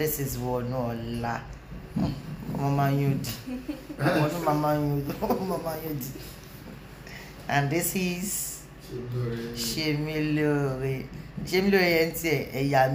this is one ọ̀la la mama mama yóò di ọmọdún and this is Ṣèmílóore Ṣèmílóore yẹn tiẹ̀ ẹ̀yà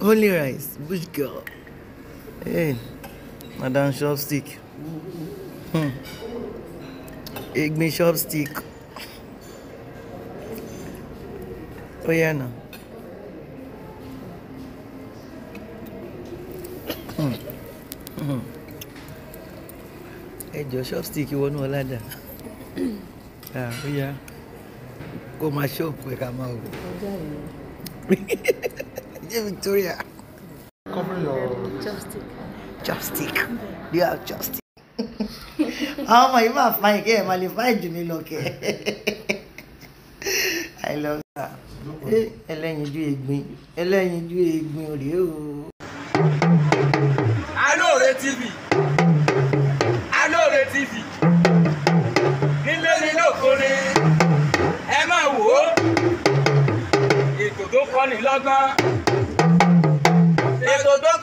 Only rice. Good girl. Hey, Madam Chopstick. Hmm. Egg me chopstick. Oh yeah, no. Hmm. Hmm. Hey, your chopstick you want wọnú ọládà ó yeah. Go my shop. We come out. dear Victoria. Cover your chopstick. Chopstick. you have chopstick? How am I even fine? Kẹ́ ẹ̀ máa lè fáì jù mí lọ kẹ́. I love that. Ẹlẹ́yinjú eh, egbin. Ẹlẹ́yinjú egbin ò rèé o. Alóore TV. Alóore TV. Nílé ni lóko ni ẹ máa wò ó. Ètò tó kọ́ni lọ́gbọ́n. don't